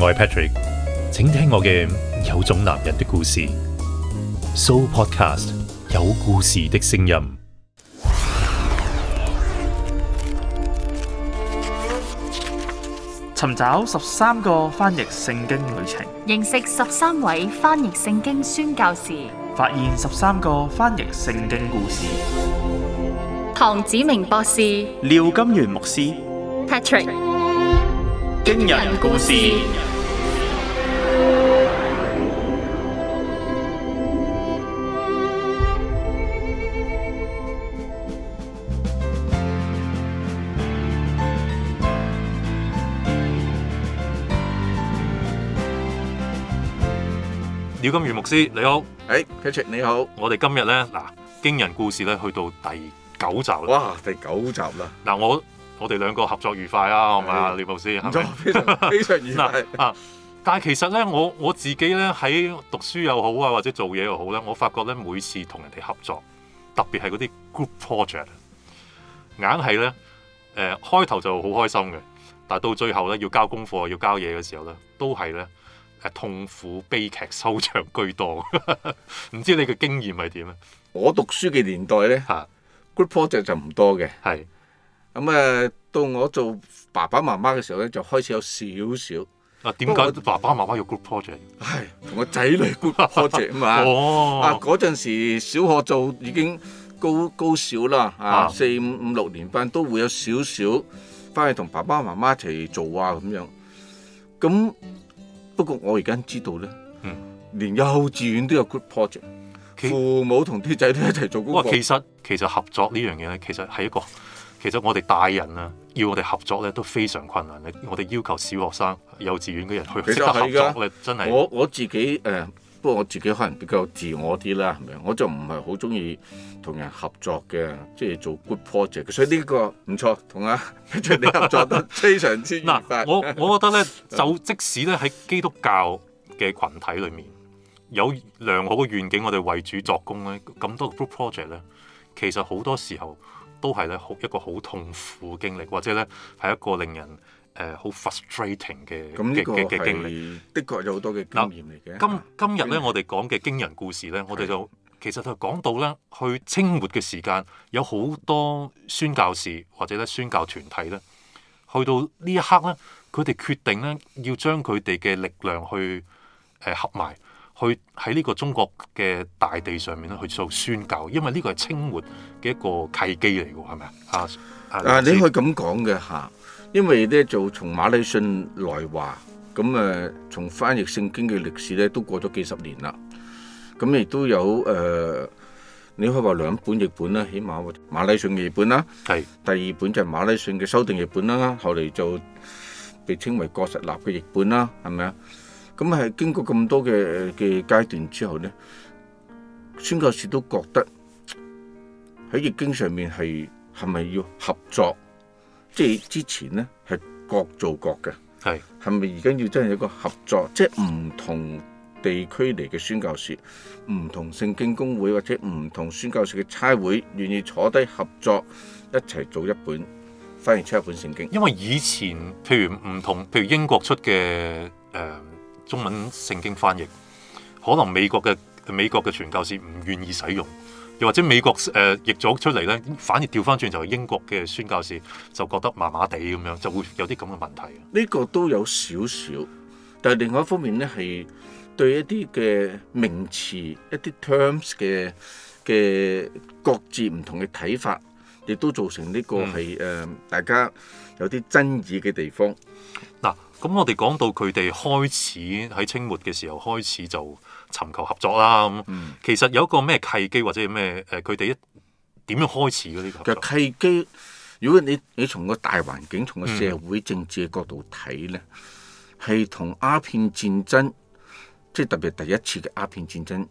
我係 Patrick，請聽我嘅有種男人的故事。So Podcast 有故事的聲音，尋找十三個翻譯聖經旅程， 認識十三位翻譯聖經宣教士，發現十三個翻譯聖經故事。唐子明博士，廖金元牧師，Patrick。驚人故事，廖金如牧師你好。誒，Patrick 你好，我哋今日咧嗱驚人故事咧去到第九集啦，哇第九集啦，嗱我。我哋兩個合作愉快啊，係咪啊，李老師？合作非常非常愉快。 啊、但係其實咧，我我自己咧喺讀書又好啊，或者做嘢又好咧，我發覺咧每次同人哋合作，特別係嗰啲 group project，硬係咧誒開頭就好開心嘅，但係到最後咧要交功課、要交嘢嘅時候咧，都係咧係痛苦悲劇收場居多。唔 知你嘅經驗係點咧？我讀書嘅年代咧，group project 就唔多嘅，係。咁誒、嗯，到我做爸爸媽媽嘅時候咧，就開始有少少啊。點解爸爸媽媽有 group project？係同個仔女 group project 咁、 哦、啊！啊，嗰陣時小學做已經高高小啦，啊，四五五六年班都會有少少翻去同爸爸媽媽一齊做啊，咁樣。咁不過我而家知道咧，嗯、連幼稚園都有 group project，實父母同啲仔女一齊做工作。其實其實合作呢樣嘢咧，其實係一個。其實我哋大人啊，要我哋合作咧都非常困難。我哋要求小學生、幼稚園嘅人去識合作咧，真係是 我我自己誒、呃。不過我自己可能比較自我啲啦，係咪？我就唔係好中意同人合作嘅，即係做 group project。所以呢個唔錯，同啊，跟住你合作得非常之愉快。 我我覺得咧，就即使咧喺基督教嘅群體裏面，有良好嘅願景，我哋為主作工咧，咁多 group project 咧，其實好多時候。都係咧好一個好痛苦嘅經歷，或者咧係一個令人誒好、呃、frustrating 嘅咁呢個嘅經歷，的確有好多嘅經驗嚟嘅。今今日咧，我哋講嘅驚人故事咧，我哋就的其實就講到咧去清末嘅時間，有好多宣教士或者咧宣教團體咧，去到呢一刻咧，佢哋決定咧要將佢哋嘅力量去誒、呃、合埋。去喺呢個中國嘅大地上面咧，去做宣教，因為呢個係清末嘅一個契機嚟嘅，係咪啊？啊，你可以咁講嘅吓，因為咧就從馬禮遜來華，咁誒從翻譯聖經嘅歷史咧，都過咗幾十年啦。咁、嗯、亦都有誒、呃，你可以話兩本譯本啦，起碼馬禮遜譯本啦，係是第二本就係馬禮遜嘅修訂譯本啦，後嚟就被稱為郭實臘嘅譯本啦，係咪啊？咁係經過咁多嘅嘅階段之後咧，宣教士，都覺得喺《易經》上面係係咪要合作？即係之前咧係各做各嘅，係係咪而家要真係一個合作？即係唔同地區嚟嘅宣教士，唔同聖經公會或者唔同宣教士嘅差會，願意坐低合作一齊做一本，反而出一本聖經。因為以前譬如唔同，譬如英國出嘅誒。呃中文聖經翻譯，可能美國嘅美國嘅傳教士唔願意使用，又或者美國誒、呃、譯咗出嚟呢，反而調翻轉就係，英國嘅宣教士就覺得麻麻地咁樣，就會有啲咁嘅問題。呢個都有少少，但係另外一方面呢，係對一啲嘅名詞一啲 terms 嘅嘅各自唔同嘅睇法。亦都造成呢個係誒大家有啲爭議嘅地方。嗱、嗯，咁我哋講到佢哋開始喺清末嘅時候開始就尋求合作啦。嗯、其實有一個咩契機或者係咩誒佢哋一點樣開始嗰啲合作？契機，如果你你從個大環境、從個社會政治嘅角度睇咧，係同、嗯、鴉片戰爭，即係特別第一次嘅鴉片戰爭誒。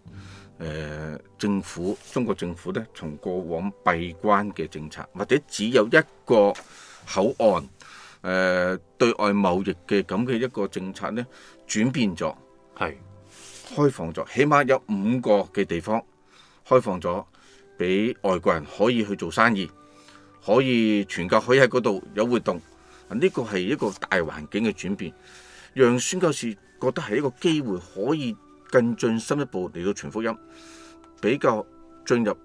呃政府，中國政府咧，從過往閉關嘅政策，或者只有一個口岸，誒、呃、對外貿易嘅咁嘅一個政策咧，轉變咗，係是開放咗，起碼有五個嘅地方開放咗，俾外國人可以去做生意，可以傳教，可以喺嗰度有活動。啊，呢個係一個大環境嘅轉變，讓宣教士覺得係一個機會，可以更進深一步嚟到傳福音。比較進入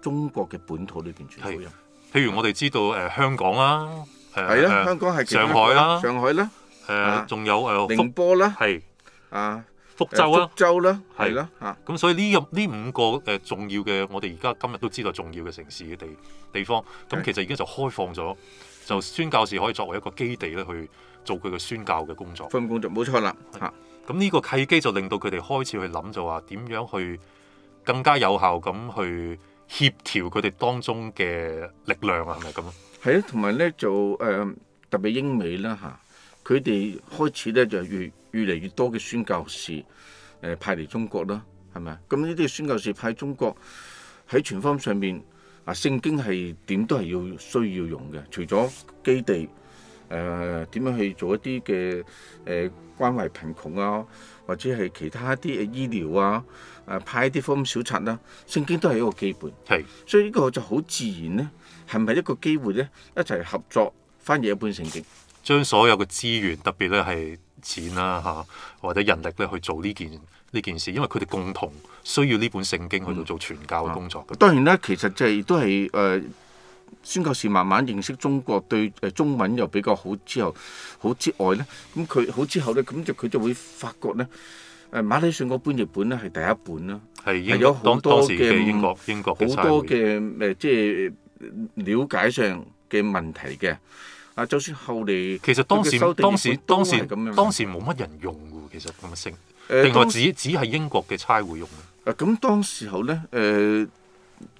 中國嘅本土呢邊主流。係，譬如我哋知道誒香港啦，係啦，香港係上海啦，上海啦，誒仲有誒寧波啦，係啊，福州啦，係啦，嚇。咁所以呢個呢五個誒重要嘅，我哋而家今日都知道重要嘅城市嘅地地方，咁其實已經就開放咗，就宣教士可以作為一個基地咧去做佢嘅宣教嘅工作。分工作冇錯啦，嚇。咁呢個契機就令到佢哋開始去諗就話點樣去。更加有效咁去協調佢哋當中嘅力量啊，係咪咁啊？係啊，同埋咧就誒特別英美啦嚇，佢哋開始咧就越越嚟越多嘅宣教士誒派嚟中國啦，係咪啊？咁呢啲宣教士派中國喺全方上面啊，聖經係點都係要需要用嘅，除咗基地誒點樣去做一啲嘅誒關懷貧窮啊。或者係其他啲誒醫療啊，誒派啲福音小冊啦、啊，聖經都係一個基本。係是，所以呢個就好自然咧，係咪一個機會咧？一齊合作翻譯一本聖經，將所有嘅資源，特別咧係錢啦、啊、嚇，或者人力咧去做呢件呢件事，因為佢哋共同需要呢本聖經去到做傳教嘅工作。嗯、當然咧，其實就係都係誒。呃宣教士慢慢認識中國，對誒中文又比較好之後，好之外咧，咁佢好之後咧，咁就佢就會發覺咧，誒馬禮遜嗰本譯本咧係第一本啦，係有好多嘅英國、啊、英國好多嘅誒，即係了解上嘅問題嘅。啊，就算後嚟其實當時當時咁樣當時冇乜人用嘅，其實咁嘅聲，另外只只係英國嘅差會用、呃嗯、啊。咁當時候咧，誒、呃。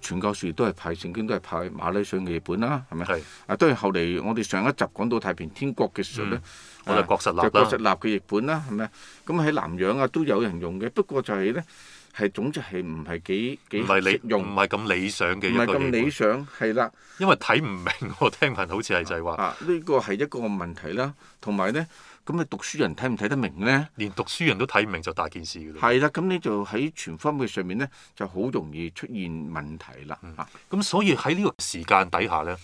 全教樹都係派聖經，都係派馬禮遜嘅譯本啦，係咪？係是。啊，都係後嚟我哋上一集講到太平天國嘅時候咧、嗯，我就郭實立啦。啊就係、郭實立嘅譯本啦，係咪？咁喺南洋啊都有人用嘅，不過就係咧係總之係唔係幾幾適用，唔係咁理想嘅。唔係咁理想，係啦。 因為睇唔明、啊，我聽聞好似係就係、是、話。 啊，呢個係一個問題啦，同埋咧。咁你讀書人睇唔睇得明咧？連讀書人都睇唔明就大件事㗎喇。係啦，咁你就喺全方位上面咧，就好容易出現問題啦。咁、嗯、所以喺呢個時間底下咧，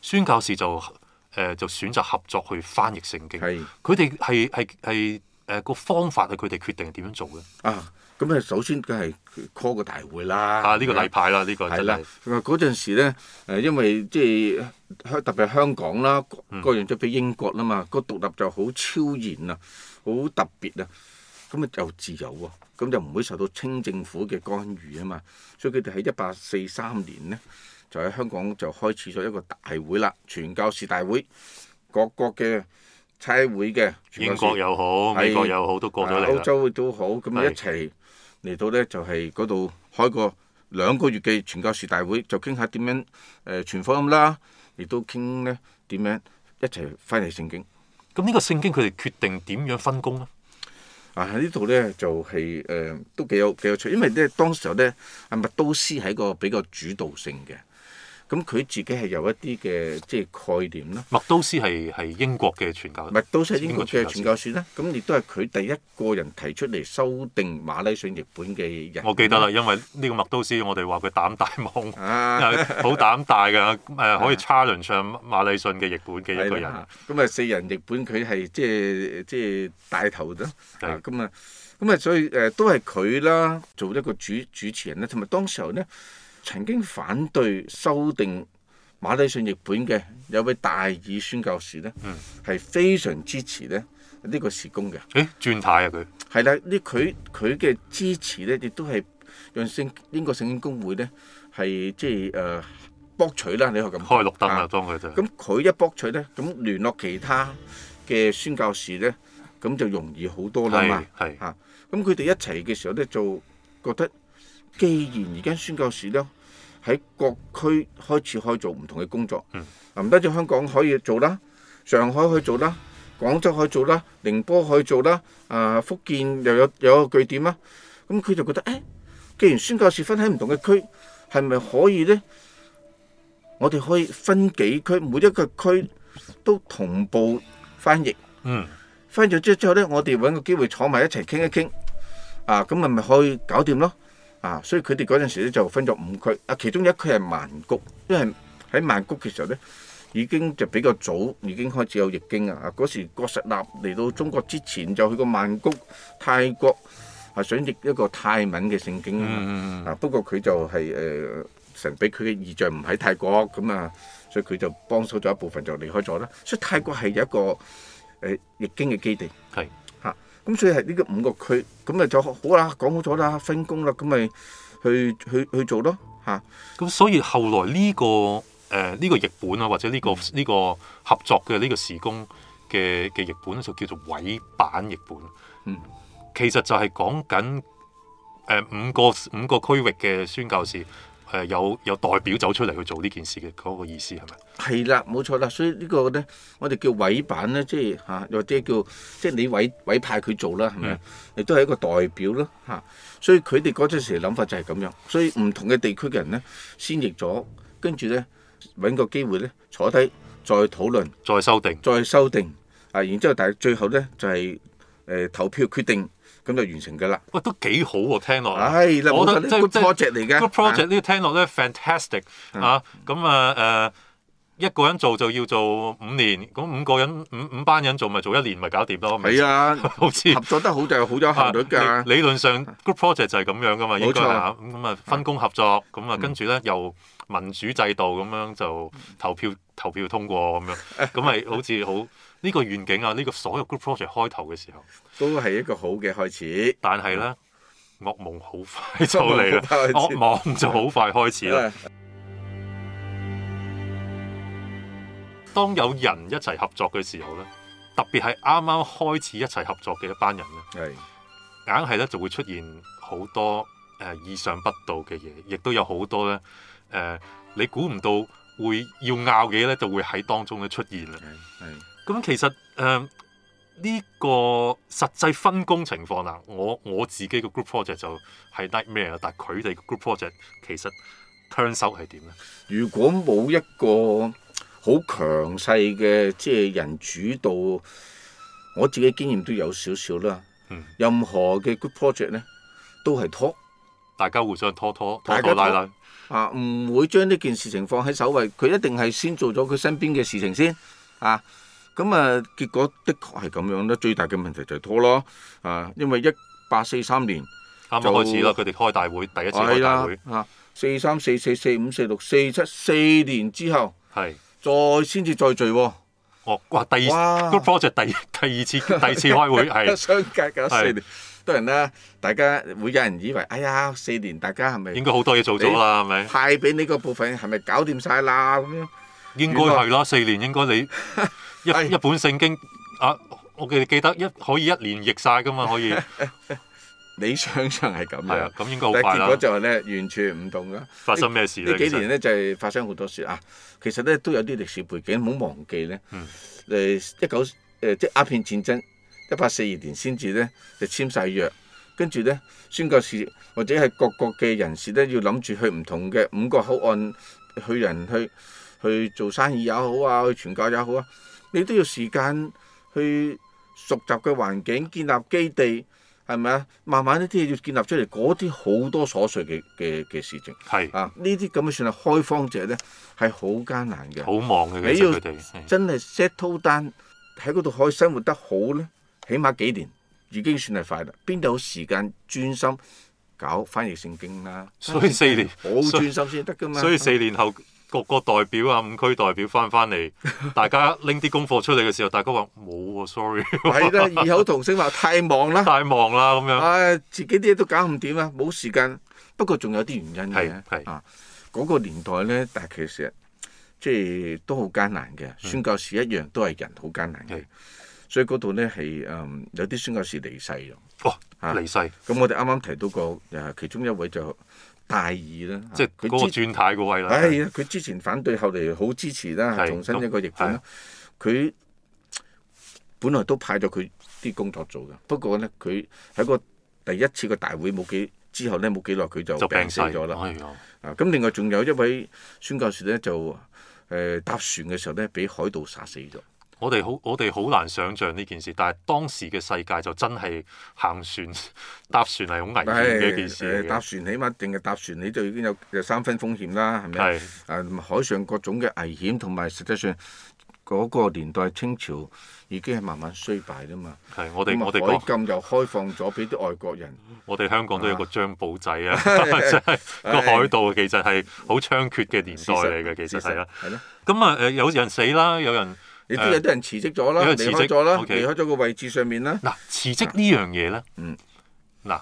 宣教士就誒、呃、就選擇合作去翻譯聖經。係是，佢哋係係係誒個方法係佢哋決定點樣做嘅。啊！咁啊，首先梗係 call 個大會啦，呢個禮拜啦，的的呢個真係。嗱嗰陣時咧，誒因為即係香特別係香港啦，個樣就畀英國啦嘛，個、嗯、獨立就好超然啊，好特別啊，咁啊又自由喎，咁就唔會受到清政府嘅干預啊嘛，所以佢哋喺一八四三年咧，就喺香港就開始咗一個大會啦，傳教士大會，各國嘅差會嘅，英國又好，是美國又好，都過咗嚟啦，歐洲都好，咁咪一齊。嚟到咧就係嗰度開個兩個月嘅傳教士大會，就傾下點樣誒傳福音啦，亦、呃、都傾咧點樣一齊翻嚟聖經。咁呢個聖經佢哋決定點樣分工咧？啊，呢度咧就係、是、誒、呃、都幾有幾有趣，因為咧當時咧阿麥都斯係一個比較主導性嘅。咁佢自己係有一啲嘅即係概念咯。麥都斯係係英國嘅傳教，麥都斯係英國嘅傳教士啦。咁亦都係佢第一個人提出嚟修訂馬禮遜譯本嘅人。我記得啦，因為呢個麥都斯，我哋話佢膽大妄，好、啊、 膽大㗎。誒 的可以差輪上馬禮遜嘅譯本嘅一個人。咁啊四人譯本佢係即係即係帶頭咯。咁啊咁啊，所以誒、呃、都係佢啦，做一個主主持人咧，同埋當時候咧。曾經反對修訂馬禮遜譯本嘅有位大耳宣教士咧，係非常支持咧呢個事工嘅。誒，轉軚啊佢。係啦，呢佢佢嘅支持咧，亦都係讓聖英國聖經公會咧係即係誒博取啦，你話咁。開綠燈啊，當佢就。咁佢一博取咧，咁聯絡其他嘅宣教士咧，咁就容易好多啦嘛。係。嚇，咁佢哋一齊嘅時候咧，就覺得既然而家宣教士咧。喺各區開始可以做唔同嘅工作，嗯、啊唔單止香港可以做啦，上海可以做啦，廣州可以做啦，寧波可以做啦，啊、呃、福建又有有一個據點啦，咁、嗯、佢就覺得誒、欸，既然宣教士分喺唔同嘅區，係咪可以呢？我哋可以分幾區，每一個區都同步翻譯，嗯，翻譯咗之後呢，我哋揾個機會坐埋一齊傾一傾，啊咁咪咪可以搞掂咯。啊，所以佢哋嗰陣時咧就分咗五區，啊其中一區係曼谷，因為喺曼谷嘅時候咧已經就比較早已經開始有譯經啊。嗰時郭實臘嚟到中國之前就去過曼谷，泰國係、啊、想譯一個泰文嘅聖經啊。不過佢就係、是、誒、呃、神俾佢嘅意象唔喺泰國咁啊，所以佢就幫手咗一部分就離開咗啦。所以泰國係有一個誒譯經嘅基地。係。咁所以係呢個五個區，咁咪就好啦，講好咗啦，分工啦，咁咪去去去做咯，嚇。咁所以後來呢、這個誒呢、呃這個譯本啊，或者呢、這個呢、這個合作嘅呢、這個時工嘅嘅譯本就叫做委辦譯本。嗯，其實就係講緊誒五個五個區域嘅宣教士。誒，有有代表走出嚟去做呢件事嘅嗰、那個意思係咪？係啦，冇錯啦，所以個呢個咧，我哋叫委板咧，即係吓，或者叫即係你委委派佢做啦，係咪？亦都係一個代表咯，吓、啊。所以佢哋嗰陣時嘅諗法就係咁樣。所以唔同嘅地區嘅人咧，先譯咗，跟住咧搵個機會咧，坐低再討論，再修訂，再修訂啊！然之後，但係最後咧就係、是、誒、呃、投票決定。咁就完成噶啦！喂，都幾好喎，聽落。唉，我覺得即係即係。Good project 呢？聽落咧 fantastic 啊！咁啊誒，一個人做就要做五年，咁五個人五五班人做咪做一年咪搞掂咯。係啊，好似合作得好就好有效率嘅。理論上 good project 就係咁樣㗎嘛，應該啊。咁咁啊，分工合作，咁啊跟住咧由民主制度咁樣就投票投票通過咁樣，咁咪好似好。呢個願景啊，呢、這個所有 group project 開頭嘅時候，都係一個好嘅開始。但係呢，噩夢好快就嚟啦，噩夢就好快開始啦。始嗯、當有人一齊合作嘅時候呢，特別係啱啱開始一齊合作嘅一班人咧，係、嗯、硬係呢就會出現好多意想、呃、不到嘅嘢，亦都有好多呢。呃、你估唔到會要拗嘅呢，就會喺當中咧出現啦。嗯嗯咁其實誒呢、呃呢個實際分工情況嗱，我我自己嘅 group project 就係 like 咩啊，但係佢哋嘅 group project 其實槍手係點咧？如果冇一個好強勢嘅即係人主導，我自己經驗都有少少啦。任何嘅 group project 咧都係拖、嗯，大家互相拖拖拖，拖拖拉拉啊，唔會將呢件事情放喺首位。佢一定係先做咗佢身邊嘅事情先啊。咁啊，結果的確係咁樣啦。最大嘅問題就係拖咯，啊，因為一八四三年啱啱開始咯，佢哋開大會，第一次開大會，啊，四三四四四五四六四七四年之後，係再先至再聚，哦，哇，第二都多謝第第二次第二次開會係相隔咗四年，當然啦，大家會有人以為，哎呀，四年大家係咪應該好多嘢做咗啦，係咪派俾你個部分係咪搞掂晒啦咁樣？應該係咯，四年應該你。一本聖經、哎、呀啊，我記記得一可以一年譯晒噶嘛，可以理 想上係咁係咁應該好快啦。結果就係咧，完全唔同噶。發生咩事呢？呢幾年咧就係、是、發生好多事啊。其實咧都有啲歷史背景，唔好忘記咧。誒一九誒，即係鴉片戰爭，一八四二年先至咧就簽曬約，跟住咧宣教士或者係各國嘅人士咧要諗住去唔同嘅五個口岸去人去去做生意也好啊，去傳教也好啊。你都要時間去熟習嘅環境，建立基地，係咪啊？慢慢呢啲嘢要建立出嚟，嗰啲好多瑣碎嘅嘅嘅事情係啊，呢啲咁嘅算係開荒者咧，係好艱難嘅，好忙嘅。你要真係 settle down 喺嗰度可以生活得好咧，起碼幾年已經算係快啦。邊度有時間專心搞翻譯聖經啦，啊？所以四年好、啊、專心先得㗎嘛。所以四年後。六個代表啊，五區代表翻翻嚟，大家拎啲功課出嚟嘅時候，大家話冇喎，sorry。係 啦， 異口同聲話太忙啦。太忙啦，咁 樣。唉、哎，自己啲嘢都搞唔掂啊，冇時間。不過仲有啲原因嘅。係係啊，嗰、那個年代咧，但係其實即係都好艱難嘅，宣教士一樣都係人好艱難嘅。是所以嗰度咧係誒，有啲宣教士離世咗。哦，離世。咁、啊、我哋啱啱提到過，誒，其中一位就。大意啦，即係佢個轉太個位啦。哎佢、啊啊、之前反對，後嚟好支持啦，重新一個譯本啦。佢、啊、本來都派咗佢啲工作做㗎，不過咧，佢喺個第一次個大會冇幾之後咧，冇幾耐佢就病死咗啦。啊、咁、啊、另外仲有一位宣教士咧，就誒、呃、搭船嘅時候咧，俾海盜殺死咗。我哋好，我哋好難想像呢件事，但係當時嘅世界就真係行船搭船係好危險嘅一件事。搭船起碼定係搭船，你就已經有有三分風險啦，係咪？係。誒，海上各種嘅危險同埋，實際上嗰個年代清朝已經係慢慢衰敗啦嘛。係我哋我哋。咁又開放咗，俾啲外國人。我哋香港都有一個張保仔啊，即係個海盜，其實係好猖獗嘅年代嚟嘅，其實係啦。係咯。咁啊誒，有人死啦，有人。你都有啲人辭職咗啦，離開咗啦，Okay. 離開咗個位置上面啦。嗱，辭職呢樣嘢咧，嗱，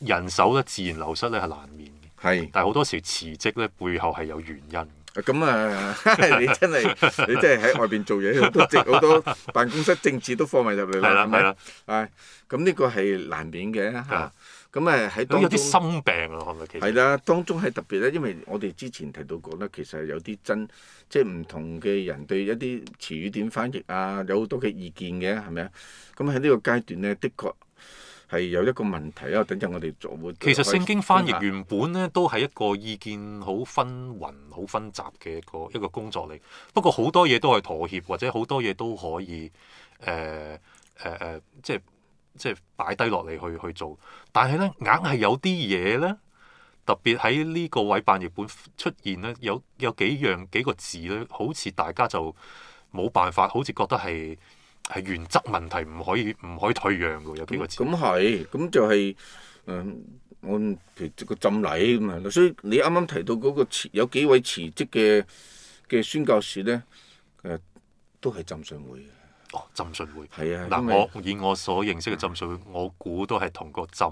人手咧自然流失咧係難免嘅。係是，但係好多時辭職咧背後係有原因。咁啊是， 你真係你真係喺外邊做嘢都值好多辦公室政治都放埋入嚟啦。啦 的，係啦的。誒，咁呢個係難免嘅嚇。咁誒喺當中有啲心病啊，係咪？其實係啦，當中係特別咧，因為我哋之前提到過咧，其實有啲真，即係唔同嘅人對一啲詞語點翻譯啊，有好多嘅意見嘅，係咪啊？咁喺呢個階段咧，的確係有一個問題啦。等陣我哋做。其實聖經翻譯原本咧，嗯、都係一個意見好紛紜、好紛雜嘅一個一個工作嚟。不過好多嘢都係妥協，或者好多嘢都可以誒誒誒，即係。即係擺低落嚟，去去做，但係咧，硬係有啲嘢咧，特別喺呢個委辦譯本出現咧，有有幾樣幾個字咧，好似大家就冇辦法，好似覺得係係原則問題，唔可以唔可以退讓嘅，有幾個字。咁係，咁就係誒，按、嗯、個浸禮咁啊。所以你啱啱提到嗰個辭，有幾位辭職嘅嘅宣教士咧，誒、嗯，都係浸信會嘅。浸信會，嗱，我以我所認識嘅浸信會，我估都係同個浸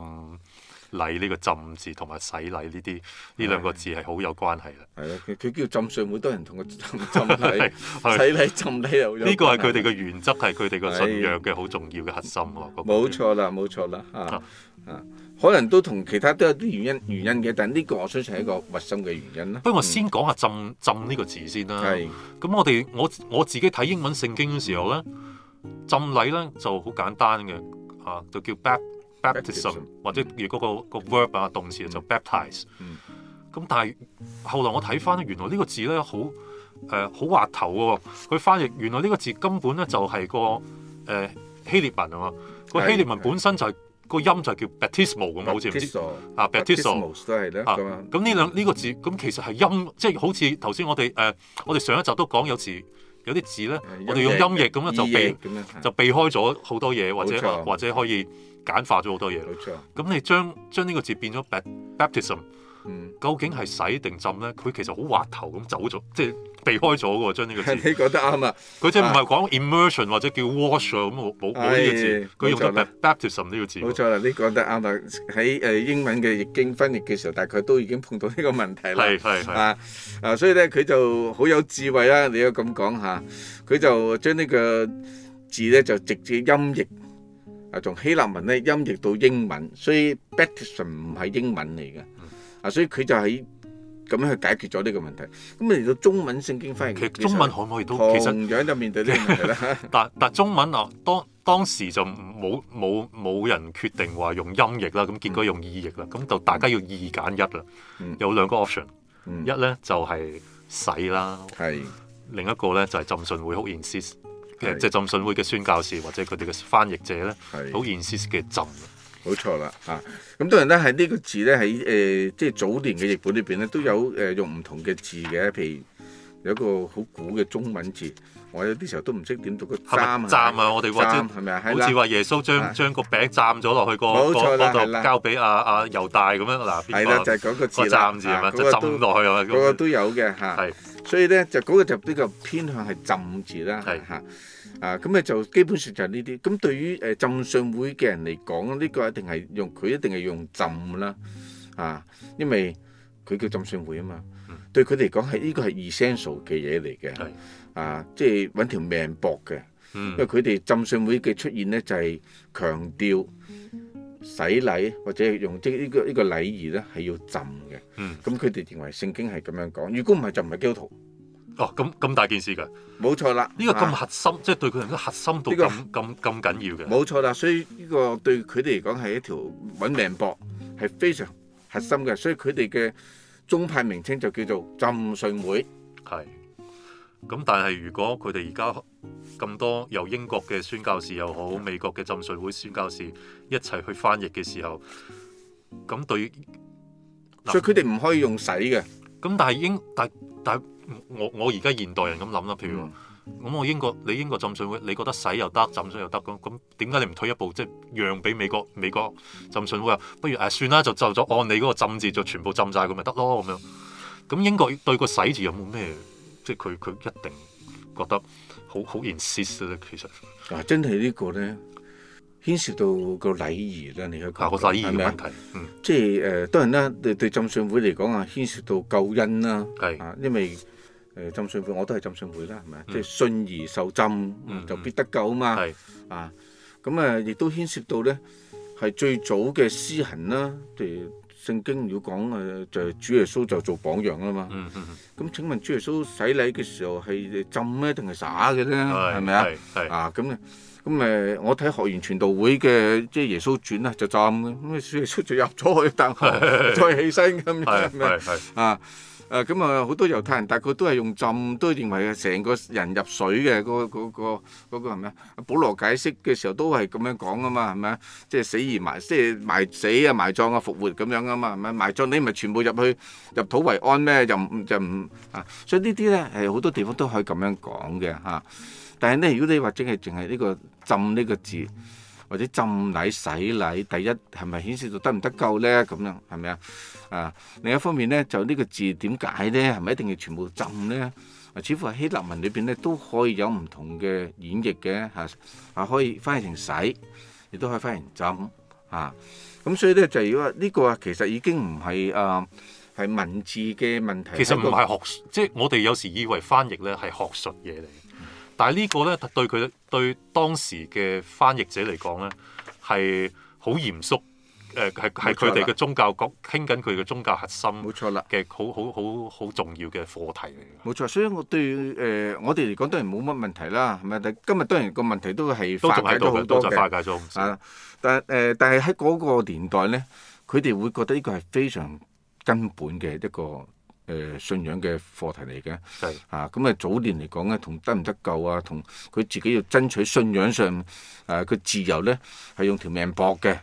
禮呢個浸字同埋洗禮呢啲呢兩個字係好有關係啦。係啊，佢叫浸信會，都係同個浸洗洗禮浸禮又呢個係佢哋嘅原則，係佢哋嘅信仰嘅好重要嘅核心。冇錯啦，冇錯啦，啊，可能都同其他都有啲原因原因嘅，但係呢個我相信係一個核心嘅原因啦。不過我先講下浸浸呢個字先啦。咁我哋我我自己睇英文聖經嘅時候咧。浸禮咧，就好簡單嘅，啊，就叫 baptism 或者用嗰個個 verb 啊，動詞就 baptize。咁但係後來我睇翻咧，原來呢個字咧，好誒好滑頭喎。佢翻譯，原來呢個字根本咧就係個誒希列文啊嘛。個希列文本身就係個音就係叫 baptism，咁好似唔知，啊 baptism。都係咁呢兩呢個字咁，其實係音，即係好似頭先我哋誒我哋上一集都講有詞。有啲字咧，嗯、我哋用音譯咁咧就避就避開咗好多嘢，或者錯或者可以簡化咗好多錯嘢。咁你將將呢個字變咗 baptism，究竟係洗定浸咧？佢其實好滑頭咁走咗，即係。避開咗喎，將呢個字。 你講得啱啊！佢即係唔係講 immersion 或者叫 wash 咁冇冇呢個字？佢、哎、呀用得 baptism 呢個字。冇錯啦，你講得啱啊！喺誒英文嘅譯經翻譯嘅時候，大概都已經碰到呢個問題啦。係係啊啊！所以咧，佢就好有智慧啦、啊。你要咁講下，佢就將呢個字咧就直接音譯啊，從希臘文咧音譯到英文，所以 baptism 唔係英文嚟嘅啊，所以佢就喺咁樣去解決咗呢個問題。咁啊，嚟到中文聖經翻譯，其中文可唔可以都其實同樣就面對呢個問題啦。 但但中文啊，當當時就冇冇冇人決定話用音譯啦，咁結果用意譯啦。咁就大家要二揀一啦，嗯、有兩個 option、嗯。一咧就係洗啦，係、嗯、另一個咧就係浸信會好 insist 即係浸信會嘅宣教士，或者佢哋嘅翻譯者咧好 insist 嘅浸。的冇錯啦嚇，咁當然咧，喺呢個字咧喺誒即係早年嘅譯本裏邊咧都有誒用唔同嘅字嘅，譬如有一個好古嘅中文字，我有啲時候都唔識點讀個站啊，我哋或者係咪啊？好似話耶穌將將個餅斬咗落去個度交俾阿阿猶大咁樣嗱，係啦，就係嗰個字啦，個斬字係咪？浸落去啊，嗰個都有嘅嚇，係，所以咧就嗰個就比較偏向係浸字啦，係嚇。啊，咁咧就基本上就係呢啲。咁對於誒、呃、浸信會嘅人嚟講，呢、呢個一定係用佢一定係用浸啦，啊，因為佢叫浸信會啊嘛。嗯、對佢哋嚟講係呢個係 essential 嘅嘢嚟嘅。係啊，即係揾條命搏嘅，嗯、因為佢哋浸信會嘅出現咧就係、係、強調洗禮或者用即呢個呢個禮儀咧係要浸嘅。嗯，咁佢哋認為聖經係咁樣講，如果唔係就唔係基督徒。咁咁、哦、大件事噶，冇錯啦。呢個咁核心，是即係對佢嚟都核心到咁咁咁緊要嘅。冇錯啦，所以呢個對佢哋嚟講係一條揾命搏，係非常核心嘅。所以佢哋嘅宗派名稱就叫做浸信會。係。咁但係如果佢哋而家咁多由英國嘅宣教士又好，美國嘅浸信會宣教士一齊去翻譯嘅時候，咁對，所以佢哋唔可以用洗嘅。咁但係英但但。但但我我而家現代人咁諗啦，譬如咁我英國，你英國浸信會，你覺得洗又得，浸水又得咁，咁點解你唔退一步，即係讓俾美國美國浸信會啊？不如誒算啦，就就咗按你嗰個浸字就全部浸晒佢咪得咯咁樣。咁英國對個洗字有冇咩？即係佢佢一定覺得好好 insist 咧。其實嗱，真係呢個咧牽涉到個禮儀啦，你一個禮儀嘅問題。嗯，即係誒，當然啦，對對浸信會嚟講啊，牽涉到救恩啦，係啊，因為。誒浸信會我都係浸信會啦，係咪啊？即係信而受浸就必得救啊嘛。啊，咁啊亦都牽涉到咧，係最早嘅施行啦。譬如聖經要講誒，就係主耶穌就做榜樣啊嘛。咁請問主耶穌洗禮嘅時候係浸咩定係灑嘅咧？係咪啊？啊咁啊咁誒，我睇學園傳道會嘅即係耶穌傳啦，就浸嘅。主耶穌就入咗去，但係再起身咁樣啊。誒咁啊，好、嗯嗯、多猶太人大概都係用浸，都認為成個人入水嘅，嗰嗰個嗰個係咩啊？保羅解釋嘅時候都係咁樣講㗎嘛，係咪啊？即係死而埋，即係埋，埋死啊，埋葬啊，復活咁樣㗎嘛，係咪埋葬你唔係全部入去入土為安咩？就唔就唔啊！所以呢啲咧係好多地方都可以咁樣講嘅嚇。但係咧，如果你話淨係淨係呢個浸呢個字。或者浸禮洗禮，第一係咪顯示到得唔得夠咧？咁樣係咪啊？啊，另一方面咧，就呢個字點解咧？係咪一定要全部浸咧？啊，似乎喺希臘文裏邊咧都可以有唔同嘅演繹嘅嚇，啊，可以翻譯成洗，亦都可以翻譯浸啊。咁所以咧就如果呢個其實已經唔係誒係文字嘅問題，其實唔係學、那個、即係我哋有時以為翻譯咧係學術嘢嚟。但係呢個咧對佢對當時嘅翻譯者嚟講咧係好嚴肅，誒係係佢哋嘅宗教講傾緊佢嘅宗教核心，冇錯啦嘅好好好好重要嘅課題嚟㗎。冇錯，所以對我對誒我哋嚟講都係冇乜問題啦。係咪？但今日當然個問題都係化解得多嘅。都仲喺度嘅，都係化解中。係啦，但係誒，但係喺嗰個年代咧，佢哋會覺得呢個係非常根本嘅一個，誒信仰嘅課題嚟嘅，是啊咁啊早年嚟講咧，同得唔得救啊，同佢自己要爭取信仰上啊佢自由咧，係用條命搏嘅，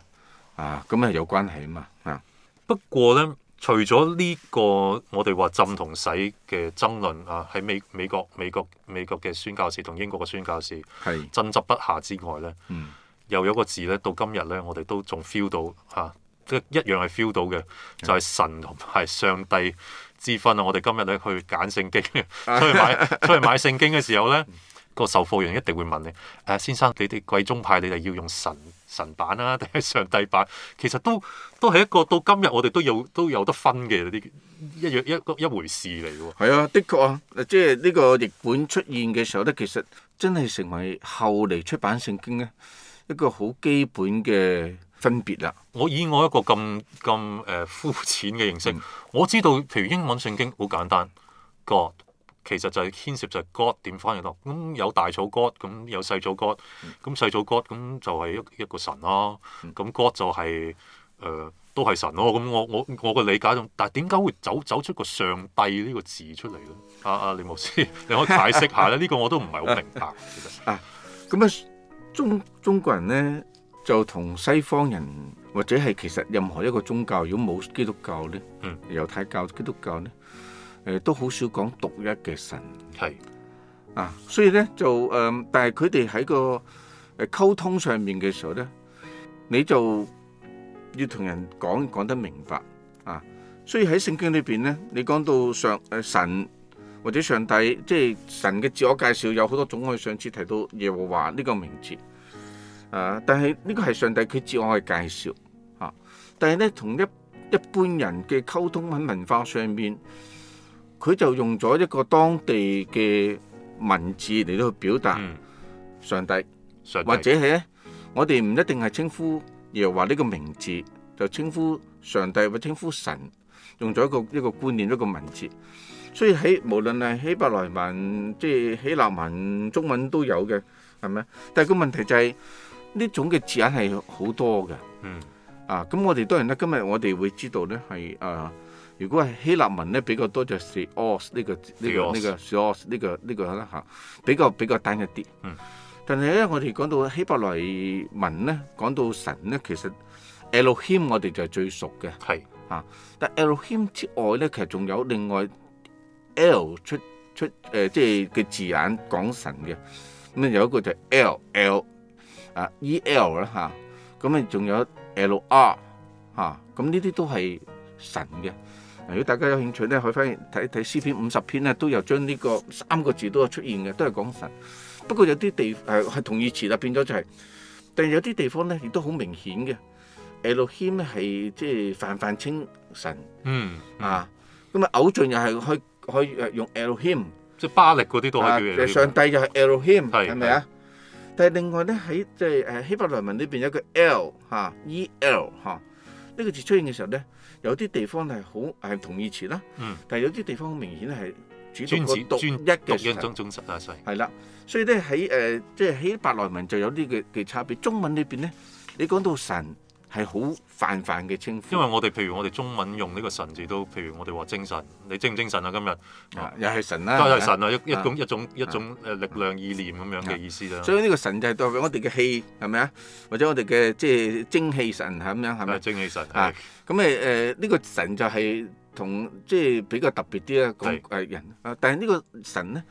啊咁啊有關係啊嘛，啊不過咧，除咗呢個我哋話浸同洗嘅爭論啊，喺美美國美國美國嘅宣教士同英國嘅宣教士，係爭執不下之外咧，嗯、又有一個字咧，到今日咧，我哋都仲 feel 到嚇，即、啊、一樣係 feel 到嘅，就係、是、神同係上帝之分啊！我哋今日咧去揀聖經，出去買出去買聖經嘅時候咧，個售貨員一定會問你：誒、啊，先生，你哋貴宗派你哋要用神神版啊，定係上帝版？其實都都係一個到今日我哋都有都有得分嘅呢一樣一個一,一回事嚟嘅喎。係啊，的確啊，即係呢個譯本出現嘅時候咧，其實真係成為後嚟出版聖經咧一個好基本嘅。嗯分別啦！我以我一個咁咁誒膚淺嘅認識，嗯、我知道，譬如英文聖經好簡單，God 其實就係牽涉就係 God 點翻譯咯。咁有大草，God, 有細草 God、嗯「God，咁有細草「God，咁細草「God 咁就係一一個神咯。咁 God 就係、是、誒、呃、都係神咯。咁我我我嘅理解，但係點解會走走出個上帝呢個字出嚟咧？阿阿李牧師，你可以解釋下咧？呢 個我都唔係好明白。其實 啊，咁啊，中中國人咧。就同西方人或者係其實任何一個宗教，如果冇基督教咧，嗯、猶太教基督教咧，誒、呃、都好少講獨一嘅神係是啊，所以咧就誒、呃，但係佢哋喺個誒呃、溝通上面嘅時候咧，你就要同人講講得明白啊，所以喺聖經裏邊咧，你講到上誒、呃、神或者上帝，即係、就是、神嘅自我介紹有好多種，我上次提到耶和華呢個名字。啊！但係呢個係上帝佢自我嘅介紹嚇，但係咧同一一般人嘅溝通喺文化上面，佢就用咗一個當地嘅文字嚟到去表達上帝，或者係咧，我哋唔一定係稱呼，而係話呢個名字就稱呼上帝或稱呼神，用咗一個一個觀念一個文字。所以喺無論係希伯來文、即係希臘文、中文都有嘅，係咪啊？但係個問題就係。呢種嘅字眼係好多嘅、嗯啊，嗯啊，咁我哋當然啦，今日我哋會知道咧係誒，如果係希臘文咧比較多就係 os 呢個呢 F ios.、這個呢、這個呢 o 呢個呢個啦嚇，比較比較單一啲。嗯，但係咧我哋講到希伯來文咧，講到神咧，其實 l 希我哋就係最熟嘅，係是啊，但 l 希之外咧，其實仲有另外 l 出出誒、呃、即係嘅字眼講神嘅，咁有一個就 ll。啊，E L 啦、啊、嚇，咁啊仲有 L R 嚇、啊，咁呢啲都係神嘅。如果大家有興趣咧，可以翻睇一睇詩篇五十篇咧，都有將呢個三個字都有出現嘅，都係講神。不過有啲地係係、啊、同義詞啦，變咗就係、是。但係有啲地方咧，亦都好明顯嘅。Elohim 係即係泛泛稱神嗯。嗯。啊，咁啊偶像又係可，可以用 Elohim 即係巴力嗰啲都可以、啊。上帝就係 Elohim，係咪啊？但係另外咧，喺即係誒希伯來文裏邊有一個 L 嚇，E L 嚇，呢、這個字出現嘅時候咧，有啲地方係好係同義詞啦，嗯，但係有啲地方好明顯係主獨一嘅神。獨樣忠忠啦，所以咧喺誒即係希伯來文就有啲嘅嘅差別。中文裏邊咧，你講到神。係好泛泛嘅稱呼，因為我哋譬如我哋中文用呢個神字都，譬如我哋話精神，你精唔精神啊？今日啊，又係神啦，都係神啦，一種一種、啊、一種一種誒力量意念咁樣嘅意思啦、啊。啊、所以呢個神就係代表我哋嘅氣係咪啊？或者我哋嘅即係精氣神係咁樣係咪？精氣神啊，咁誒誒呢個神就係同即係比較特別啲啦，個誒人是但係呢個神咧。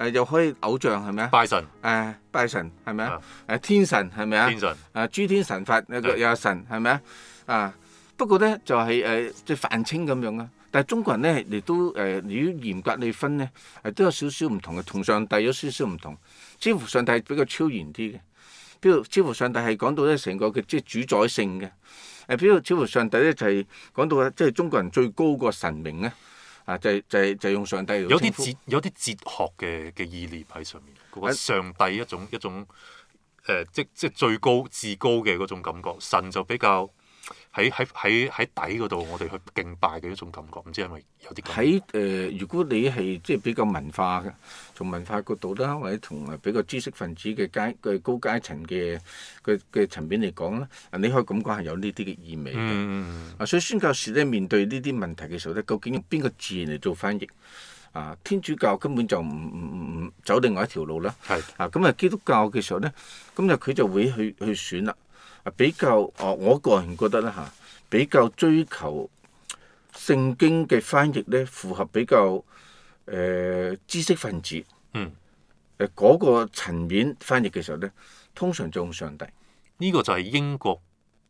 誒又可以偶像係咪神啊？拜神誒，拜神係咪啊？誒天神係咪神啊？天神誒諸天神佛，又有，有神係咪啊？啊不過咧就係誒即係泛稱咁樣啦。但係中國人咧亦都誒如果嚴格嚟分咧，誒都有少少唔同嘅，同上帝有少少唔同。似乎上帝係比較超然啲嘅，比如似乎上帝係講到咧成個嘅即係主宰性嘅。誒比如似乎上帝咧就係、是、講到咧即係中國人最高個神明咧。啊！就係，就係，就係用上帝有啲哲有啲哲學嘅嘅意念喺上面，嗰個、上帝一種一種誒、呃，即即係最高至高嘅嗰種感覺。神就比較。喺喺喺喺底嗰度，我哋去敬拜嘅一種感覺，唔知係咪有啲喺誒？如果你係即係比較文化嘅，從文化角度啦，或者同比較知識分子嘅階，佢高階層嘅嘅嘅層面嚟講啦，你可以咁講係有呢啲嘅意味嘅。啊、嗯，所以宣教士咧面對呢啲問題嘅時候咧，究竟用邊個自然嚟做翻譯啊？天主教根本就唔唔唔唔走另外一條路啦。係的啊，咁、嗯、啊基督教嘅時候咧，咁就佢就會去去選啦。啊，比較哦，我個人覺得咧嚇比較追求聖經嘅翻譯咧，符合比較誒、呃、知識分子嗯誒嗰、呃那個層面翻譯嘅時候咧，通常就用上帝。呢個就係英國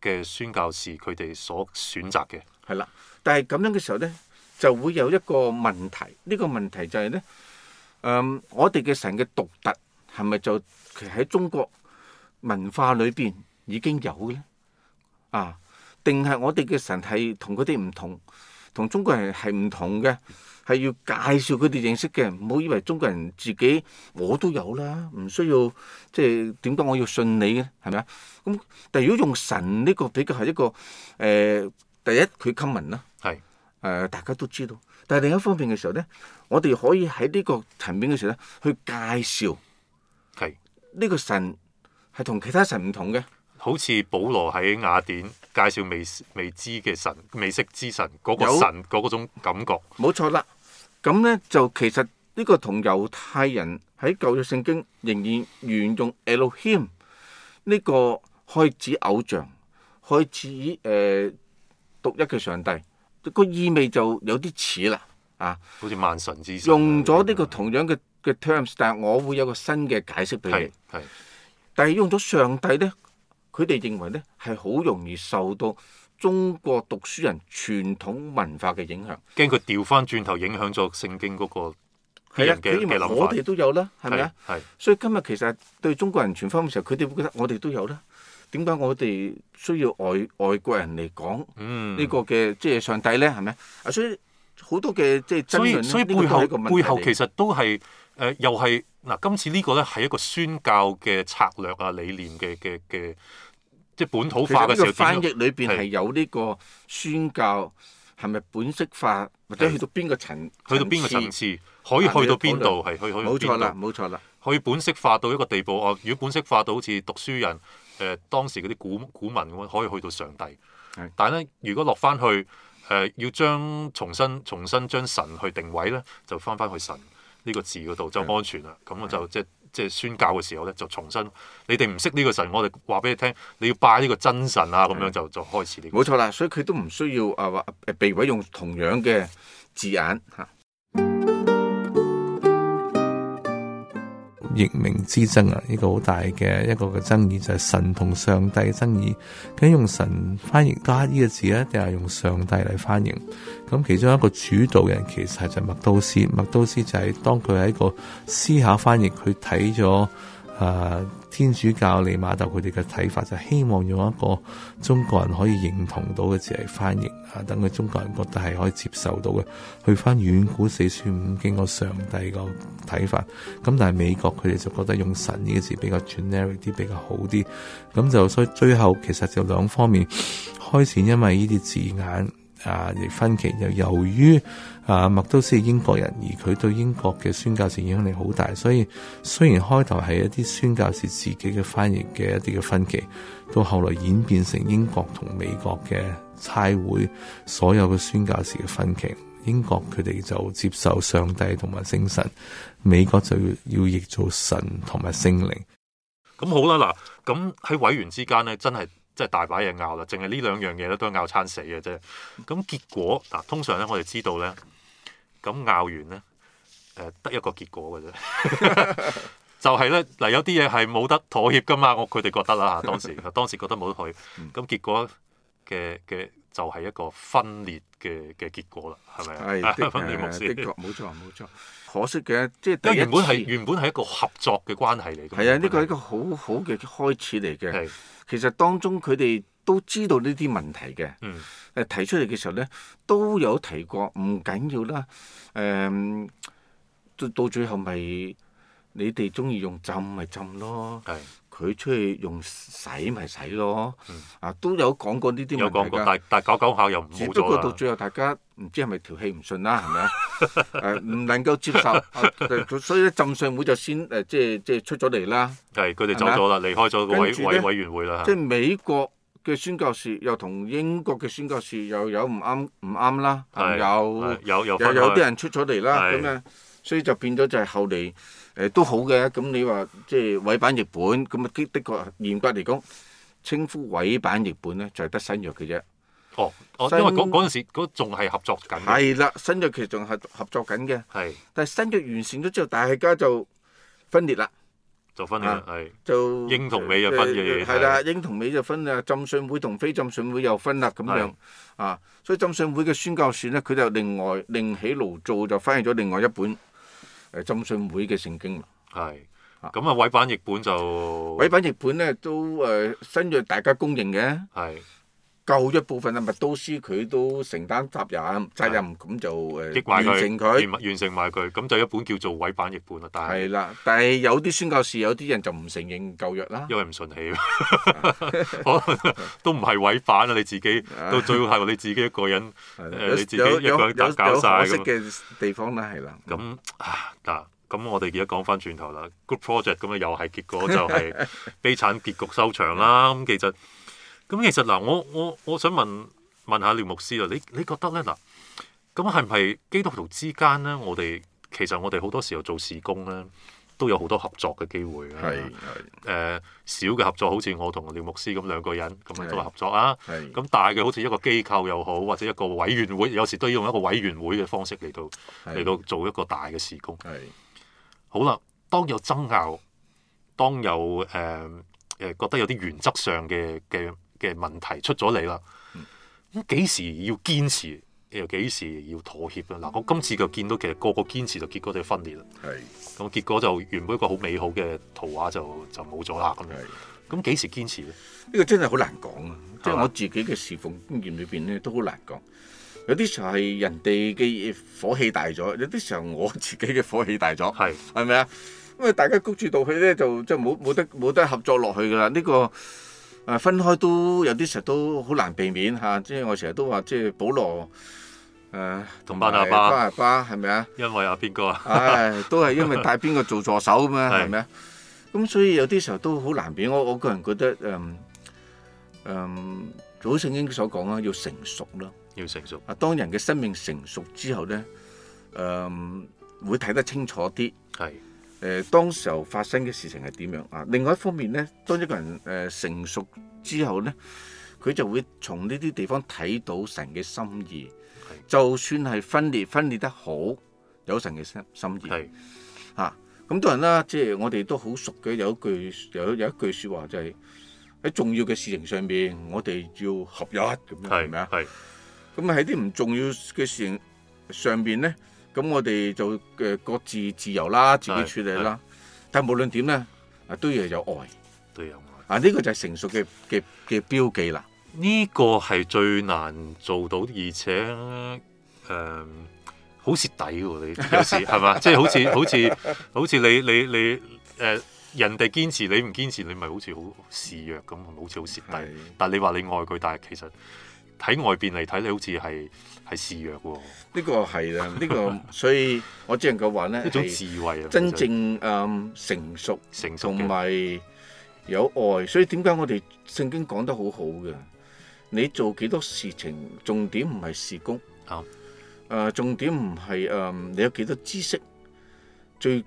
嘅宣教士佢哋所選擇嘅係啦。但係咁樣嘅時候咧，就會有一個問題。呢、這個問題就係咧，誒、呃、我哋嘅神嘅獨特係咪就其實喺中國文化裏邊？已經有嘅咧，啊？定係我哋嘅神係同佢哋唔同，同中國人係唔同嘅，係要介紹佢哋認識嘅。唔好以為中國人自己我都有啦，唔需要即係點講？我要信你嘅，係咪啊？咁但係如果用神呢個比較係一個誒、呃，第一佢 common 啦，係誒是、呃、大家都知道。但係另一方面嘅時候咧，我哋可以喺呢個層面嘅時候咧，去介紹係呢是個神係同其他神唔同嘅。好似保羅喺雅典介紹未未知嘅神、未識之神嗰、嗰個神嗰嗰種感覺，冇錯啦。咁咧就其實呢個同猶太人喺舊約聖經仍然沿用 Elohim 呢個可以指偶像，可以指誒獨一嘅上帝，個意味就有啲似啦啊，好似萬神之神，用咗呢個同樣嘅嘅 terms、嗯、但係我會有個新嘅解釋俾你，係，但係用咗上帝咧。佢哋認為咧係好容易受到中國讀書人傳統文化嘅影響，驚佢調翻轉頭影響咗聖經嗰個係啊！我哋都有啦，係咪啊？係。所以今日其實對中國人傳翻嘅時候，佢哋會覺得我哋都有啦。點解我哋需要外外國人嚟講呢個嘅即係上帝咧？係咪啊？所以好多嘅即係所以所以背後個背後其實都係。誒、呃、又係嗱、啊，今次呢個咧係一個宣教嘅策略啊、理念嘅嘅嘅，即係本土化嘅時候其實呢個翻譯裏邊係有呢個宣教，係咪是本色化，或者去到邊個層？是去到邊個層次是可以去到邊度？係，可以可，冇錯啦，冇錯啦，可本色化到一個地步哦、啊。如果本色化到好似讀書人誒、呃、當時嗰啲古古文咁，可以去到上帝。是但係咧，如果落翻去誒、呃，要將重新重新將神去定位咧，就翻翻去神，呢個字嗰度就安全啦，咁的我就的即即宣教嘅時候咧，就重新你哋唔識呢個神，我哋話俾你聽，你要拜呢個真神啊，咁樣就的就開始個。冇錯啦，所以佢都唔需要啊話，誒，譬如用同樣嘅字眼吓。啊譯名之爭啊，呢個好大嘅一個嘅爭議就係神同上帝嘅爭議，咁、就是、用神翻譯加呢個字咧，定係用上帝嚟翻譯？咁其中一個主導人其實就係麥都斯，麥都斯就係當佢喺一個思考翻譯，佢睇咗啊。天主教、利瑪竇佢哋嘅睇法就希望用一個中國人可以認同到嘅字嚟翻譯啊，等佢中國人覺得係可以接受到嘅，去翻遠古四書五經個上帝個睇法。咁但係美國佢哋就覺得用神呢個字比較 general 啲，比較好啲。咁就所以最後其實就兩方面開始，因為呢啲字眼啊而分歧，就由於。啊，麥都斯係英國人，而佢對英國嘅宣教士影響力好大，所以雖然開頭係一啲宣教士自己嘅翻譯嘅一啲嘅分歧，到後來演變成英國同美國嘅差會所有嘅宣教士嘅分歧。英國佢哋就接受上帝同埋聖神，美國就要要譯做神同埋聖靈。咁好啦，嗱，咁喺委員之間呢，真係。即係大把嘢拗啦，淨係呢兩樣嘢咧都係拗餐死嘅啫。咁結果嗱、啊，通常咧我哋知道咧，咁拗完咧，誒、呃、得一個結果嘅啫， 就係咧嗱有啲嘢係冇得妥協噶嘛。我佢哋覺得啦，啊、當時當時覺得冇得妥協，咁、嗯、結果嘅嘅就係、是、一個分裂嘅嘅結果啦，係咪啊？係分裂冇 uh, 錯，冇錯。可惜嘅，即係原本係原本係一個合作嘅關係嚟嘅。係啊，呢個係一個好好嘅開始嚟嘅。係，其實當中佢哋都知道呢啲問題嘅。嗯。誒、提出嚟嘅時候咧，都有提過唔緊要啦。誒、嗯，到到最後咪、就是，你哋中意用浸咪浸咯。係。佢出去用洗咪洗咯，啊都有講過呢啲咪。有講過，但但搞搞下又。唔，只不過到最後，大家唔知係咪條氣唔順啦，係咪啊？誒唔能夠接受，所以咧，浸信會就先誒即係即係出咗嚟啦。係佢哋走咗啦，離開咗個委委委員會啦。即係美國嘅宣教士又同英國嘅宣教士又有唔啱唔啱啦，又有有有啲人出咗嚟啦，咁啊，所以就變咗就係後嚟。誒都好嘅，咁你話即係委辦譯本，咁啊的確嚴格嚟講，稱呼委辦譯本咧就係得新約嘅啫。哦，哦，因為嗰嗰陣時嗰仲係合作緊。係啦，新約其實仲係合作緊嘅。係。但係新約完善咗之後，大家就分裂啦。就分裂係。就。英同美就分嘅。係啦，英同美就分啊，浸信會同非浸信會又分啦咁樣。啊，所以浸信會嘅宣教士咧，佢就另外另起爐灶，就翻譯咗另外一本。誒浸信會嘅聖經啦，係咁啊，偽版譯本就，偽版譯本咧都、呃、新約大家公認嘅。舊約部分啊，麥都思佢都承擔責任，責任咁就誒完成佢，完成埋佢，咁就一本叫做委辦譯本啦。係啦，但係有啲宣教士，有啲人就唔承認舊約啦。因為唔順氣，都唔係委辦啦，你自己到 最後係你自己一個人， 你自己一個人揼交嘅地方咧？係啦。咁啊嗱，咁我哋而家講翻轉頭啦，Good Project 咁啊，又係結果就係、是、悲慘結局收場啦。咁 其實。咁其實嗱，我我我想問問下廖牧師啊，你你覺得咧嗱？咁係唔係基督徒之間咧？我哋其實我哋好多時候做事工咧，都有好多合作嘅機會嘅誒、呃。小嘅合作好似我同廖牧師咁兩個人咁咪都係合作啊。咁大嘅好似一個機構又好，或者一個委員會，有時都要用一個委員會嘅方式嚟到嚟到做一個大嘅事工。係好啦，當有爭拗，當有誒誒、呃、覺得有啲原則上嘅嘅嘅問題出咗嚟啦，咁幾時要堅持又幾時要妥協啊？嗱，我今次就見到其實個個堅持，就結果就分裂啦。係，咁結果就原本一個好美好嘅圖畫就就冇咗啦。咁樣，咁幾時堅持咧？呢個真係好難講啊！即係我自己嘅侍奉經驗裏邊咧，都好難講。有啲時候係人哋嘅火氣大咗，有啲時候我自己嘅火氣大咗，係係咪啊？咁啊，大家焗住道氣咧，就即係冇冇得冇得合作落去噶啦。呢個。誒分開都有啲時候都好難避免嚇、啊，即係我成日都話，即係保羅誒同巴拿巴，巴拿巴係咪啊？因為阿邊個啊？誒 都係因為帶邊個做助手咁啊？係咪啊？咁是所以有啲時候都好難避免，我我個人覺得誒誒，早、嗯、聖、嗯、經所講啦，要成熟咯，要成熟。啊，當人嘅生命成熟之後咧，誒、嗯、會睇得清楚啲，係。誒、呃、當時候發生嘅事情係點樣啊？另外一方面咧，當一個人誒、呃、成熟之後咧，佢就會從呢啲地方睇到神嘅心意。Okay. 就算係分裂，分裂得好有神嘅心心意。係是。嚇、啊，咁、嗯、當然啦，即、就、係、是、我哋都好熟嘅，有一句有有一句説話就係、是、喺重要嘅事情上邊，我哋要合一咁樣，係咪啊？係是。咁喺啲唔重要嘅事情上邊咧？咁我哋就誒各自自由啦，自己處理啦。但無論點咧，啊都要有愛，都有愛。啊呢、呢個就係成熟嘅嘅嘅標記啦。呢個係最難做到，而且誒、嗯、好蝕底喎。你有時係嘛？即係 好似好似好似你你你誒、呃、人哋堅持，你堅持你，你唔堅持，你咪好似好示弱咁，好似好蝕底。是但你話你愛佢，但係其實喺外邊嚟睇，你好似係。係示弱喎，呢個係啦，呢個所以我只能夠話咧一種智慧啦，真正誒成熟、成熟同埋有，有愛，所以點解我哋聖經講得好好嘅？你做幾多事情，重點唔係事工，啊，誒、呃、重點唔係誒你有幾多知識，最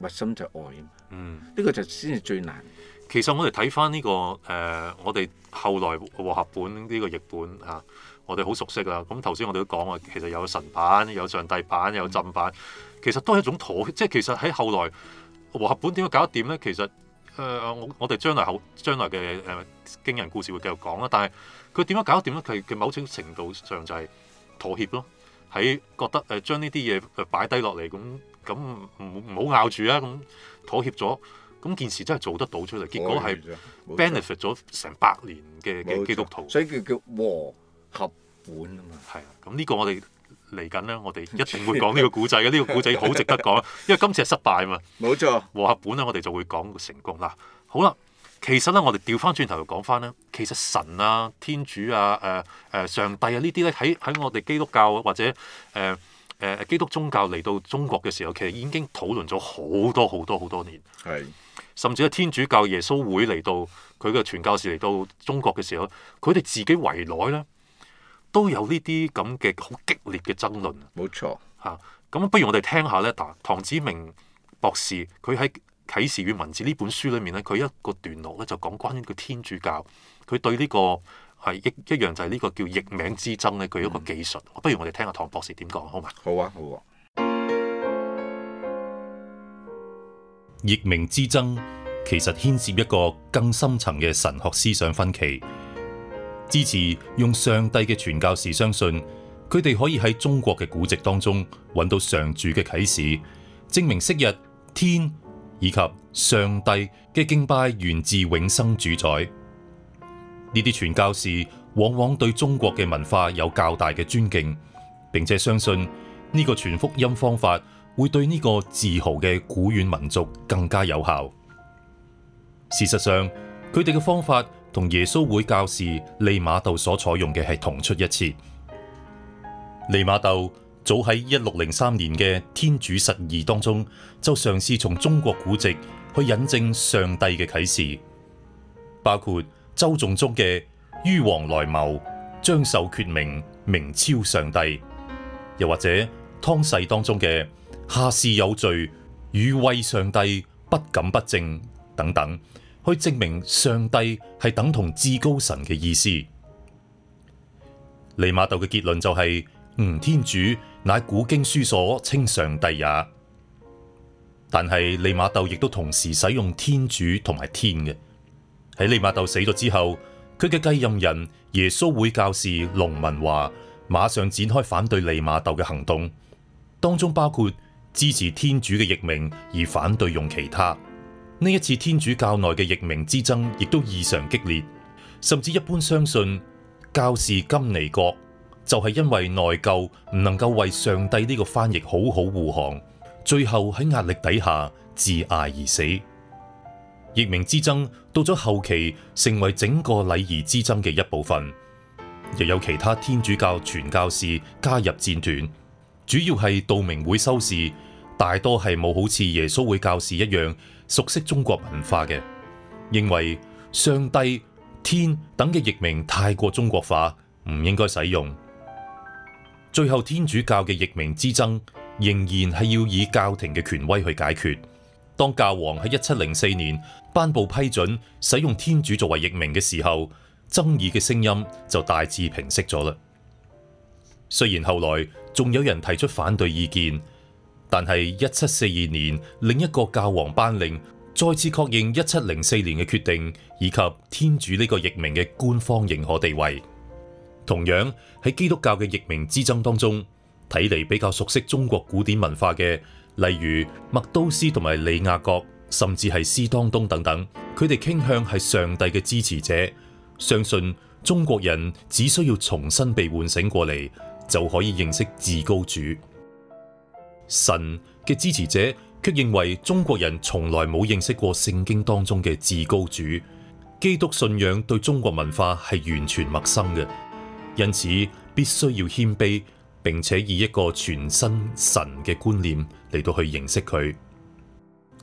核心就係愛啊！嗯，呢個就先至最難。其實我哋睇翻呢個誒、呃，我哋後來和合本呢、呢個譯本啊。我哋好熟悉啦，咁頭先我哋都講話，其實有神版、有上帝版、有浸版，其實都係一種妥協，即係其實喺後來和合本點樣搞得掂咧？其實誒，我我哋將來後將來嘅誒驚人故事會繼續講啦。但係佢點樣搞得掂咧？佢佢某種程度上就係妥協咯，喺覺得誒將呢啲嘢擺低落嚟，咁咁唔唔好咬住啊，咁妥協咗，咁件事真係做得到出嚟，結果係 benefit 咗成百年嘅基督徒，所以叫叫和合本啊嘛，係啊，咁呢個我哋嚟緊咧，我哋一定會講呢個古仔嘅。呢 個古仔好值得講，因為今次係失敗啊嘛。冇錯，和合本咧，我哋就會講個成功嗱。好啦，其實咧，我哋調翻轉頭嚟講翻咧，其實神啊、天主啊、誒、呃、誒、呃、上帝啊呢啲咧，喺喺我哋基督教或者誒誒、呃呃、基督宗教嚟到中國嘅時候，其實已經討論咗好多好多好多好多年。係的，甚至係天主教耶穌會嚟到佢嘅傳教士嚟到中國嘅時候，佢哋自己圍內咧。都有呢啲咁嘅好激烈嘅爭論，冇錯嚇。咁不如我哋聽下咧，嗱，唐子明博士佢喺《啟示與文字》呢本書裏面咧，佢一個段落咧就講關於個天主教，佢對呢、呢個係一一樣就係呢個叫譯名之爭咧，佢有一個技術。嗯、不如我哋聽下唐博士點講好嗎？好啊，好啊。譯名之爭其實牽涉一個更深層嘅神學思想分歧，支持用上帝嘅傳教士相信，佢哋可以喺中國嘅古籍當中揾到上主嘅啟示，證明昔日天以及上帝嘅敬拜源自永生主宰。呢啲傳教士往往對中國嘅文化有較大嘅尊敬，並且相信呢個傳福音方法會對呢個自豪嘅古遠民族更加有效。事實上，佢哋嘅方法。同耶穌會教士利瑪竇所採用嘅係同出一轍。利瑪竇早喺一六零三年嘅《天主實義》當中，就嘗試從中國古籍去引證上帝嘅啟示，包括周頌中嘅“於皇來牟，將受厥明，明昭上帝”，又或者湯誓當中嘅“夏氏有罪，予畏上帝，不敢不正”等等。去證明上帝係等同至高神嘅意思。利馬竇嘅結論就係、是、吾、嗯、天主乃古經書所稱上帝也。但係利馬竇亦都同時使用天主同埋天嘅。喺利馬竇死咗之後，佢嘅繼任人耶穌會教士龍文華馬上展開反對利馬竇嘅行動，當中包括支持天主嘅譯名而反對用其他。呢一次天主教內嘅譯名之爭亦都異常激烈，甚至一般相信教士金尼國就係因為內疚唔能夠為上帝呢個翻譯好好護航，最後喺壓力底下自縊而死。譯名之爭到咗後期成為整個禮儀之爭嘅一部分，又有其他天主教傳教士加入戰團，主要係道明會修士，大多係冇好似耶穌會教士一樣。熟悉中國文化嘅認為上帝、天等嘅譯名太過中國化，唔應該使用。最後天主教嘅譯名之爭仍然係要以教廷嘅權威去解決。當教皇喺一七零四年頒布批准使用天主作為譯名嘅時候，爭議嘅聲音就大致平息咗啦。雖然後來仲有人提出反對意見。但係一七四二年，另一個教皇頒令再次確認一七零四年嘅決定，以及天主呢個譯名嘅官方認可地位。同樣喺基督教嘅譯名之爭當中，睇嚟比較熟悉中國古典文化嘅，例如麥都思同埋理雅各，甚至係斯當東等等，佢哋傾向係上帝嘅支持者，相信中國人只需要重新被喚醒過嚟，就可以認識至高主。神嘅支持者卻認為中國人從來冇認識過聖經當中嘅至高主，基督信仰對中國文化係完全陌生嘅，因此必須要謙卑，並且以一個全新神嘅觀念嚟到去認識佢。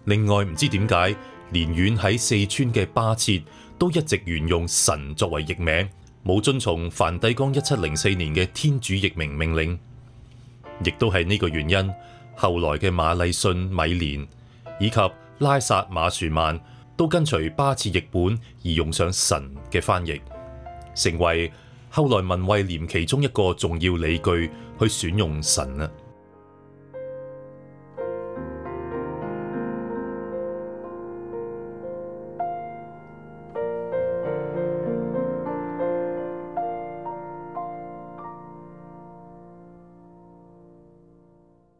另外，唔知點解，連遠喺四川嘅巴切都一直沿用神作為譯名，冇遵從梵蒂岡一七零四年嘅天主譯名命令，亦都係呢個原因。後來嘅馬禮遜、米憐以及拉撒馬殊曼都跟隨巴切譯本而用上神嘅翻譯，成為後來文惠廉其中一個重要理據去選用神啊。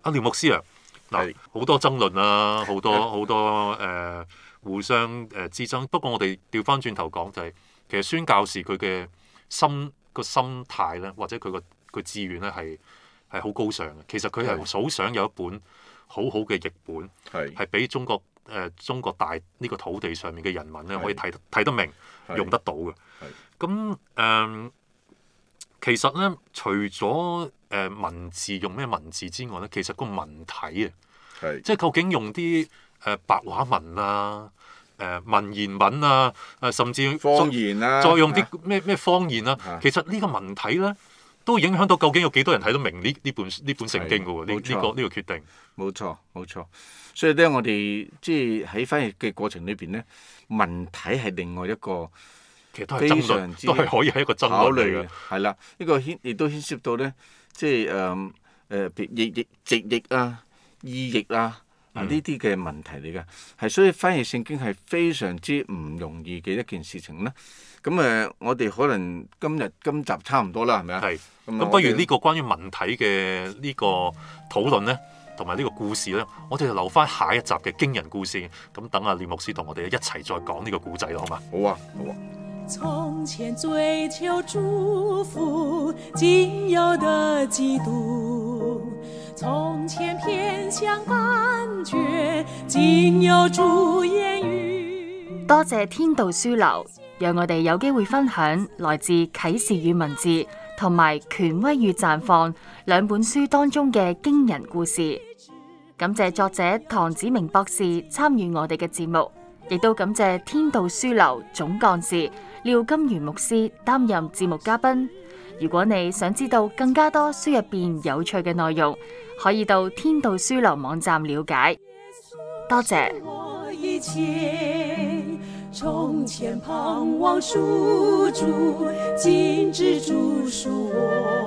阿廖牧師啊，嗱好是多爭論啦、啊，好多好 多誒、呃、互相誒之爭，不過我哋調翻轉頭講就係、是、其實孫教士佢嘅心個心態咧，或者佢個佢志願咧，係係好高尚嘅。其實佢係好想有一本好好嘅譯本，係係俾中國誒、呃、中國大呢、這個土地上面嘅人民咧，是可以睇睇得、得明，用得到嘅。咁誒、呃，其實咧除咗誒、呃、文字用咩文字之外咧，其實個文體啊，的即係究竟用啲誒白話文啊、誒、呃、文言文啊，啊甚至方言啦，再用啲咩咩方言啊，其實呢個文體咧都影響到究竟有幾多人睇到明呢呢本呢本聖經嘅喎？呢呢、這個呢、這個決定。冇錯，冇錯。所以咧，我哋即係喺翻譯嘅過程裏邊咧，文體係另外一個，其實都係爭論，都係可以係一個爭考慮嘅。係啦，呢個牽亦都牽涉到咧。 即係，誒誒，別譯直譯啊、意譯啊，啊呢啲嘅問題嚟㗎。係、嗯、所以翻譯聖經係非常之唔容易嘅一件事情啦。咁誒、呃，我哋可能今日今集差唔多啦，係咪啊？係。咁不如呢個關於文體嘅呢個討論咧，同埋呢個故事咧，我哋就留翻下，下一集嘅驚人故事。咁等阿廖牧師同我哋一齊再講呢個故仔啦，好嘛？好啊，好啊。從前追求祝福，今有得基督，從前偏向感覺，今有主言語。多謝天道書樓，讓我哋有機會分享來自《啟示與文字》同埋《權威與綻放》兩本書當中嘅驚人故事。感謝作者唐子明博士參與我哋嘅節目，亦都感謝天道書樓總幹事。廖金源牧師擔任節目嘉賓。如果你想知道更加多書入邊有趣嘅內容，可以到天道書樓網站了解。多謝。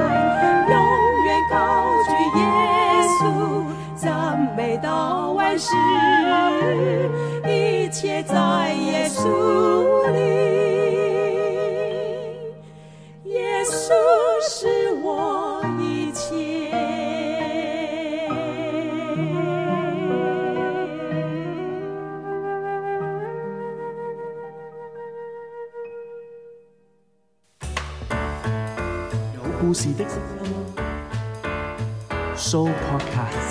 讚美到萬世，一切在耶穌裏，耶穌是我一切。有故事的 Supercast。